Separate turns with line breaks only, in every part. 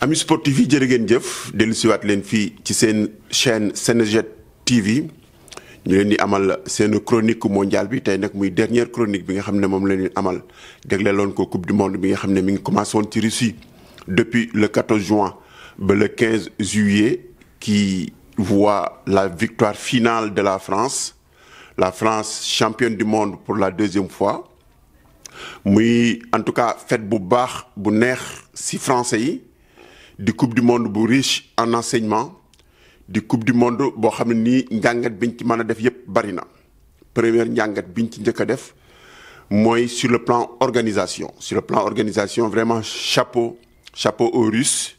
amis sportifs TV Jeff, ngeen jëf dellusiwaat leen fii ci seen chaîne Sénégal TV ñu leen di amal chronique mondiale bi tey nag muy dernière chronique bi nga xam ne moom la leen amal dégleeloon ko coupe du monde bi nga xam mi ngi commencé ci Russie depuis le 14 juin le 15 juillet qui voit la victoire finale de la France, la France championne du monde pour la deuxième fois Moi, en tout cas fête bu baax bu neex français du coupe du monde bu riche en enseignement du coupe du monde boo xam Bintimana Barina, biñ ci première sur le plan organisation sur le plan organisation vraiment chapeau chapeau aux Russes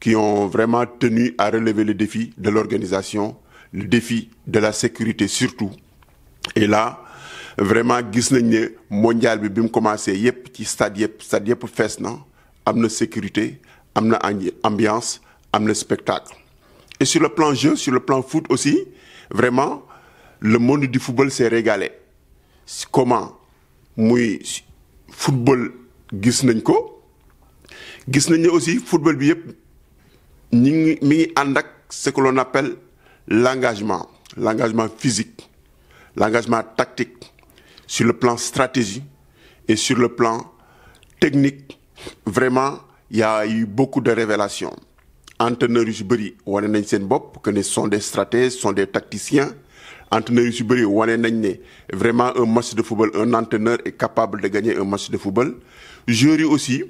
qui ont vraiment tenu à relever le défi de l'organisation, le défi de la sécurité surtout. Et là, vraiment gis nañ ne mondial bi bi commencé yépp ci stade yépp stade yépp fess na la sécurité amna ambiance le spectacle et sur le plan jeu sur le plan foot aussi vraiment le monde du football s'est régalé comment muy football gis nañ ko aussi football bi ñu ngi ce que l'on appelle l'engagement l'engagement physique l'engagement tactique sur le plan stratégie et sur le plan technique vraiment il y a eu beaucoup de révélations entraîneurs yu si sont des stratèges sont des tacticiens entraîneurs yu vraiment un match de football un entraîneur est capable de gagner un match de football jury aussi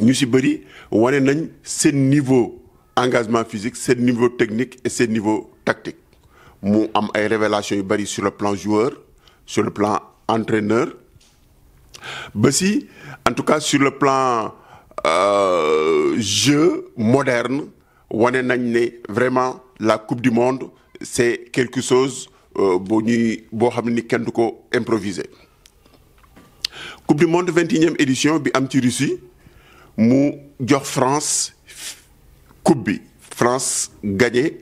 ñu si niveau engagement physique c'est niveau technique et le niveau tactique Nous am révélation sur le plan joueur sur le plan entraîneur Mais si en tout cas sur le plan euh, jeu moderne on vraiment la coupe du monde c'est quelque chose qui euh, nous boo improvisé. coupe du monde 21e édition bi Russie France coupe France gagné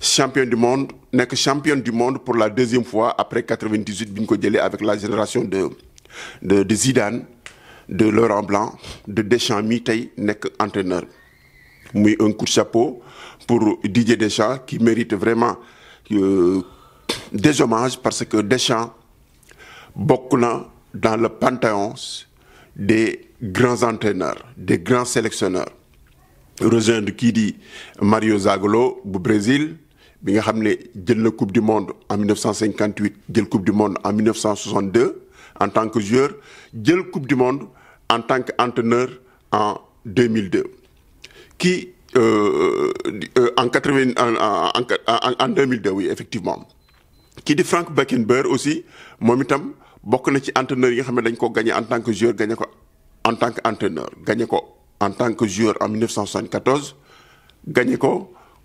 champion du monde que champion du monde pour la deuxième fois après 98 Binko avec la génération de de de Zidane de Laurent Blanc de Deschamps Mitei n'est entraîneur Mais un coup de chapeau pour Didier Deschamps qui mérite vraiment euh, des hommages parce que Deschamps beaucoup dans le panthéon des grands entraîneurs des grands sélectionneurs de qui dit Mario Zagallo du Brésil bi a xamné la coupe du monde en 1958 la coupe du monde en 1962 en tant que joueur la coupe du monde en tant qu'entraîneur en 2002 qui euh, euh, en 2002 oui effectivement Qui dit Frank Beckenbauer aussi qui a bokk na ci entraîneur yi nga xamné dañ ko gagné en tant que joueur gagné ko en tant qu'entraîneur entraîneur gagné ko en tant que joueur en 1974, gagné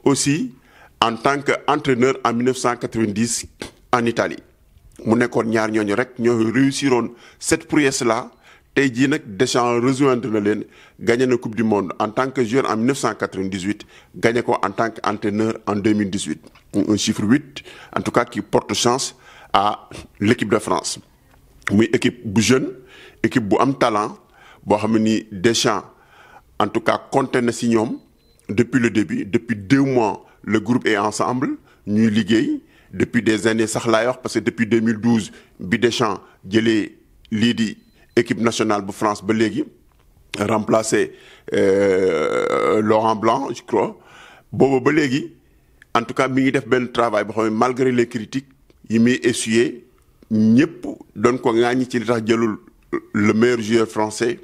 aussi en tant qu'entraîneur en 1990 en Italie. Nous nekkoon ñaar cette prouesse là et nous avons Deschamps rejoindre na gagné coupe du monde en tant que joueur en 1998 gagné quoi en tant qu'entraîneur en 2018 un chiffre 8 en tout cas qui porte chance à l'équipe de France une équipe bu jeune équipe bu talent qui a en tout cas contre si depuis le début depuis deux mois le groupe est ensemble nu liggéey depuis des années sax parce que depuis 2012 bi Deschamps jëlé équipe nationale de France ba remplacé euh, Laurent Blanc je crois en tout cas mi fait def ben travail malgré les critiques Il a essuyé ñëpp doon ko ci le meilleur joueur français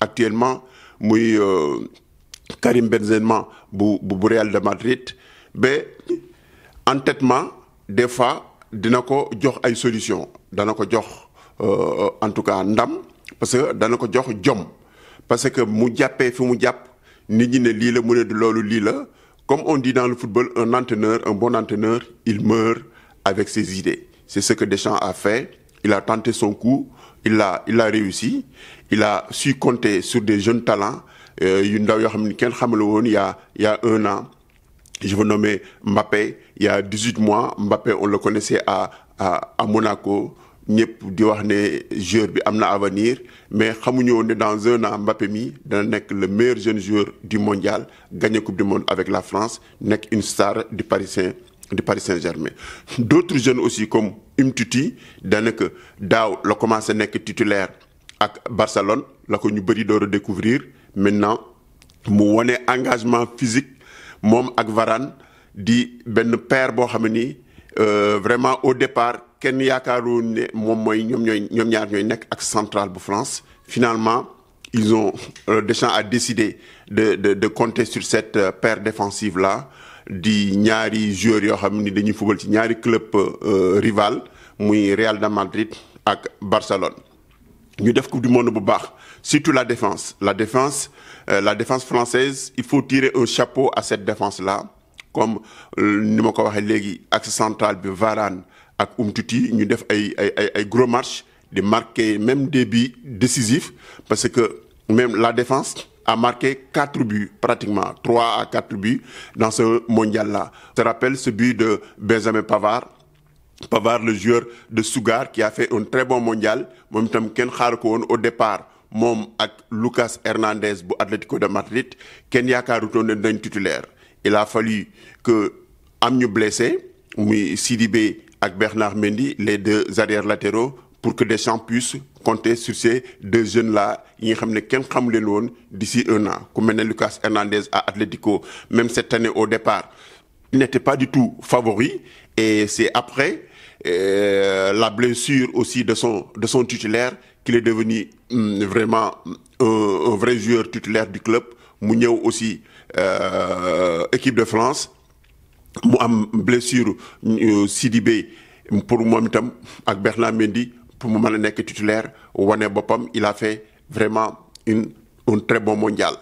actuellement muy euh, Karim Benzema bu bu Real de Madrid be entêtement des fois dina ko jox ay solution dana ko jox euh, en tout cas ndam parce que dana ko jox jom parce que mu jappé fi mu japp nit ñi ne la mu de lolu li la comme on dit dans le football un entraîneur un bon entraîneur il meurt avec ses idées c'est ce que Deschamps a fait il a tenté son coup, il a, réussi, il a su compter sur des jeunes talents. Euh, il y a, un an, je vous nommer Mbappé, il y a 18 mois, Mbappé, on le connaissait à, à, Monaco. di wax ne joueur bi amna avenir mais xamuñu dans un an Mbappé mi le meilleur jeune joueur du mondial gagné coupe du monde avec la France une star du Paris de Paris Saint-Germain. D'autres jeunes aussi comme Imtuti, que Dao l'a commencé à être titulaire à Barcelone, l'a connu beaucoup de redécouvrir. Maintenant, un engagement physique, mon ak Varane, di ben père bo xamni euh, vraiment au départ kenn yaakaaroon ne moom nous ñoom ñooy ñoom ñaar centrale bu France finalement ils ont euh, Deschamps a décidé de de de compter sur cette euh, paire défensive là di ñaari joueurs yo xamni dañuy football ci ñaari club euh, rival Real de Madrid ak Barcelone. ñu def coupe du monde bu baax surtout la défense la défense euh, la défense française il faut tirer un chapeau à cette défense là comme euh, ni mako dit, l'axe central bi Varane ak Umtiti ñu def ay ay ay gros match de marquer même des buts décisifs parce que même la défense a marqué 4 buts, pratiquement 3 à 4 buts dans ce mondial-là. Je rappelle ce but de Benjamin Pavard Pavard, le joueur de Sugar, qui a fait un très bon mondial. Moom itam Ken xaar au départ mom Lucas Hernandez pour Atlético de Madrid Kenya yaakaarutoon retourne un titulaire. Il a fallu que am blessé muy Sidibé et Bernard Mendy les deux arrières latéraux pour que des gens puissent compter sur ces deux jeunes-là Ils ont ne d'ici un an Comme Lucas Hernandez à Atletico. même cette année au départ il n'était pas du tout favori et c'est après euh, la blessure aussi de son de son titulaire qu'il est devenu hum, vraiment un, vrai joueur titulaire du club mu aussi euh, équipe de France mu blessure euh, Sidibé pour moi, itam ak Bernard Mendy pour moment, le titulaire wane Bopam, il a fait vraiment une un très bon mondial.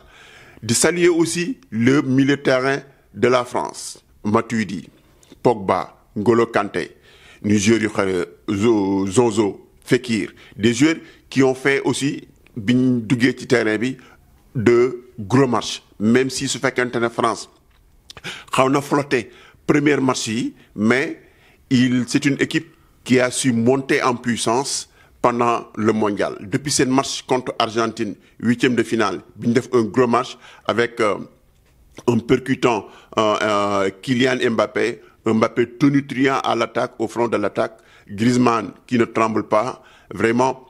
De saluer aussi le milieu de terrain de la France Matuidi Pogba Ngolo Kante, ñu Zozo, Fekir des joueurs qui ont fait aussi de gros matchs. même si fait fait la France On a flotté première match mais c'est une équipe qui a su monter en puissance pendant le mondial. Depuis cette marche contre Argentine, huitième de finale, un gros match avec euh, un percutant euh, euh, Kylian Mbappé, Mbappé tout triant à l'attaque, au front de l'attaque, Griezmann qui ne tremble pas, vraiment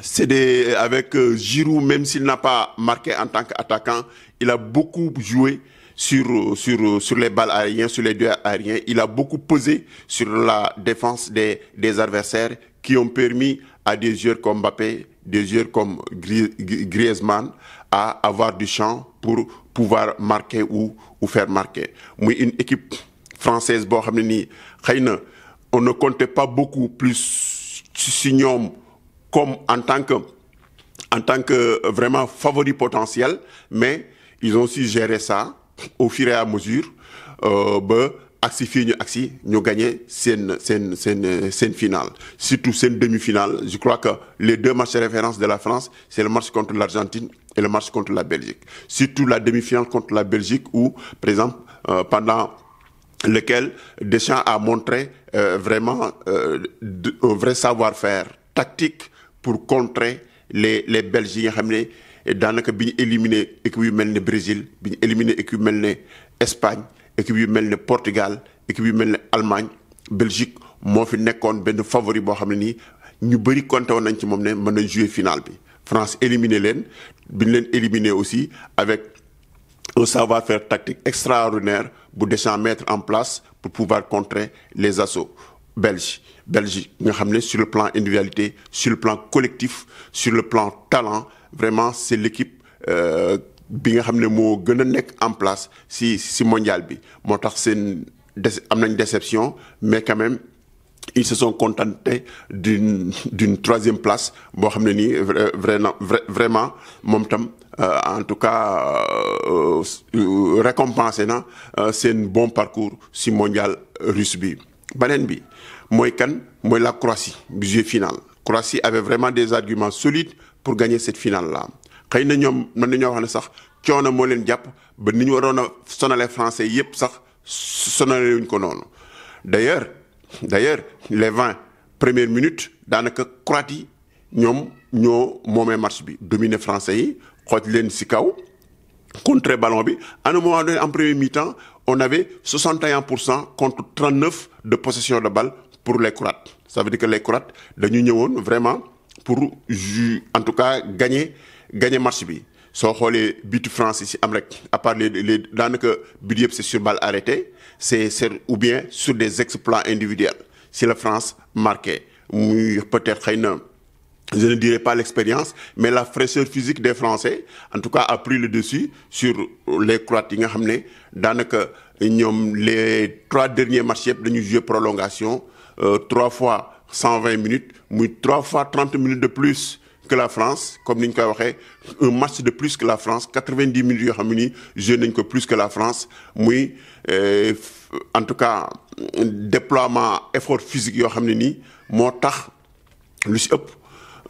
c'est avec Giroud, même s'il n'a pas marqué en tant qu'attaquant, il a beaucoup joué sur, sur, les balles aériennes, sur les deux aériens. Il a beaucoup posé sur la défense des, adversaires qui ont permis à des joueurs comme Mbappé, des joueurs comme Griezmann à avoir du champ pour pouvoir marquer ou, ou faire marquer. une équipe française, on ne comptait pas beaucoup plus sur comme en tant que en tant que vraiment favori potentiel, mais ils ont su gérer ça au fur et à mesure euh, ba agsi gagné scène finale surtout cette demi-finale je crois que les deux matchs de référence de la France c'est le match contre l'Argentine et le match contre la Belgique surtout la demi-finale contre la Belgique où par exemple euh, pendant lequel Deschamps a montré euh, vraiment un vrai savoir-faire tactique pour contrer les les Belges et daanaka bi éliminer éliminé équipe yu Brésil l'Espagne, le équipe Espagne équipe Portugal équipe la Allemagne Belgique moo fi fait benn favori bo xam ni ñu bari konté won nañ ci mom né jouer finale bi France éliminé leen bi ñu éliminé aussi avec un savoir-faire tactique extraordinaire bu déjà mettre en place pour pouvoir contrer les assauts belges Belgique nga xamné sur le plan individualité sur le plan collectif sur le plan talent vraiment c'est l'équipe euh, bi nga xamné en place si si mondial bi une déception mais quand même ils se sont contentés d'une d'une troisième place bo ni vraiment vraiment euh, en tout cas euh, récompensé c'est un bon parcours si mondial russe bi banen bi moy la Croatie budget final Croatie avait vraiment des arguments solides pour gagner cette finale là xëy na ñoom mën nañoo wax qui sax a moins leen ba ni ñu français yépp sax sonalee ko d'ailleurs d'ailleurs les 20 premières minutes les Croates ont ñoom ñoo moomee match bi dominer français yi xooj leen contre ballon bi à un moment en premier mi-temps on avait 61 contre 39 de possession de balle pour les Croates ça veut dire que les Croates dañu ñëwoon vraiment pour en tout cas gagner gagner match bi so xolé le France ici à part les les que but c'est sur balle arrêtée c'est ou bien sur des exploits individuels si la France marquait, peut-être je ne dirais pas l'expérience mais la fraîcheur physique des Français en tout cas a pris le dessus sur les Croates Dans les trois derniers matchs nous avons jouer prolongation euh, trois fois. 120 minutes mais trois fois 30 minutes de plus que la France comme nous avons un match de plus que la France 90 minutes de xam plus que la France oui, euh, en tout cas déploiement effort physique de xam ne nii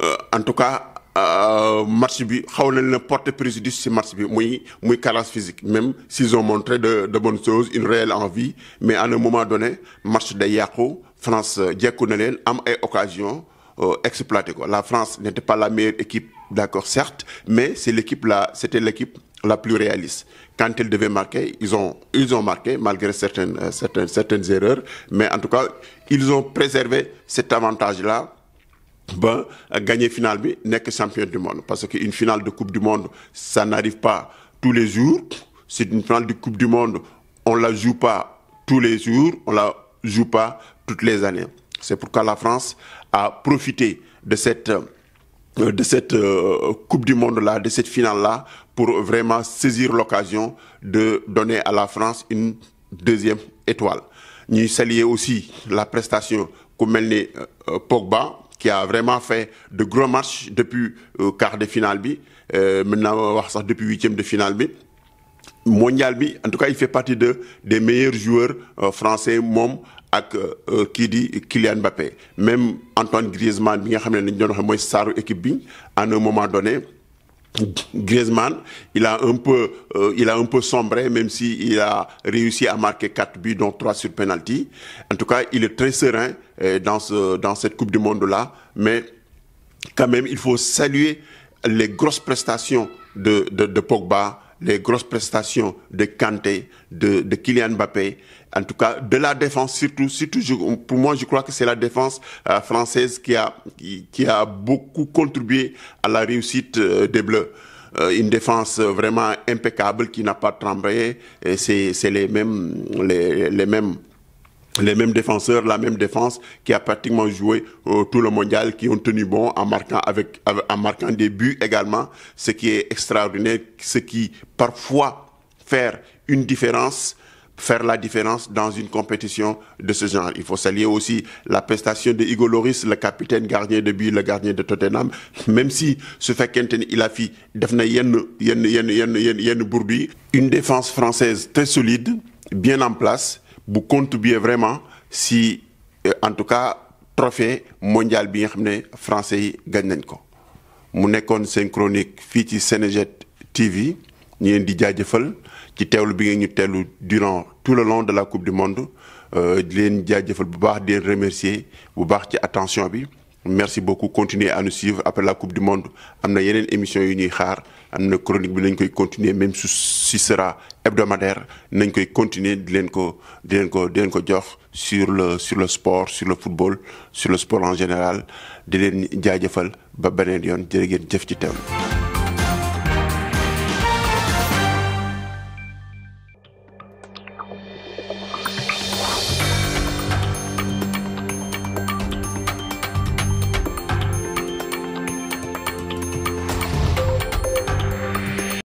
euh, en tout cas. Euh, match bi xaw porter préjudice match bi carence physique même s'ils ont montré de bonnes choses une réelle envie mais à un moment donné match de yàqu France euh, jekku na am ay occasion euh, exploiter la France n'était pas la meilleure équipe d'accord certes mais c'est l'équipe là, c'était l'équipe la plus réaliste quand elle devait marquer ils ont ils ont marqué malgré certaines certaines certaines erreurs mais en tout cas ils ont préservé cet avantage là gagner gagner finale n'est que champion du monde parce qu'une finale de coupe du monde ça n'arrive pas tous les jours c'est une finale de coupe du monde on la joue pas tous les jours on la joue pas toutes les années c'est pourquoi la France a profité de cette euh, de cette euh, Coupe du Monde là, de cette finale là, pour vraiment saisir l'occasion de donner à la France une deuxième étoile. Nous saluons aussi la prestation comme elle euh, Pogba, qui a vraiment fait de gros matchs depuis le euh, quart de finale bi euh, maintenant depuis huitième de finale bi en tout cas il fait partie des meilleurs joueurs euh, français même Kylian Mbappé même Antoine Griezmann à un moment donné Griezmann, il a un peu, euh, il a un peu sombré, même s'il a réussi à marquer 4 buts, dont 3 sur penalty. En tout cas, il est très serein euh, dans, cette Coupe du Monde-là. Mais quand même, il faut saluer les grosses prestations de, Pogba, les grosses prestations de Kante, de, de Kylian Mbappé, en tout cas de la défense surtout surtout pour moi je crois que c'est la défense euh, française qui a qui, qui, a beaucoup contribué à la réussite euh, des Bleus euh, une défense euh, vraiment impeccable qui n'a pas tremblé c'est c'est les mêmes les, les mêmes les mêmes défenseurs, la même défense qui a pratiquement joué tout le mondial, qui ont tenu bon en marquant avec, en marquant des buts également, ce qui est extraordinaire, ce qui parfois faire une différence faire la différence dans une compétition de ce genre. Il faut saluer aussi la prestation de Igor Loris, le capitaine gardien de but, le gardien de Tottenham, même si ce fait il a fait une défense française très solide, bien en place, pour bien vraiment si, euh, en tout cas, trophée mondial bien français yi TV qui di durant tout le long de la coupe du monde Je euh, leen jaajëfal bu baax remercier bu attention merci beaucoup Continuez à nous suivre après la coupe du monde Nous avons une émission yu nous xaar une chronique qui continue, continuer même si ce sera hebdomadaire Nous koy continuer à nous ko sur le sport sur le football sur le sport en général di leen jaajëfal ba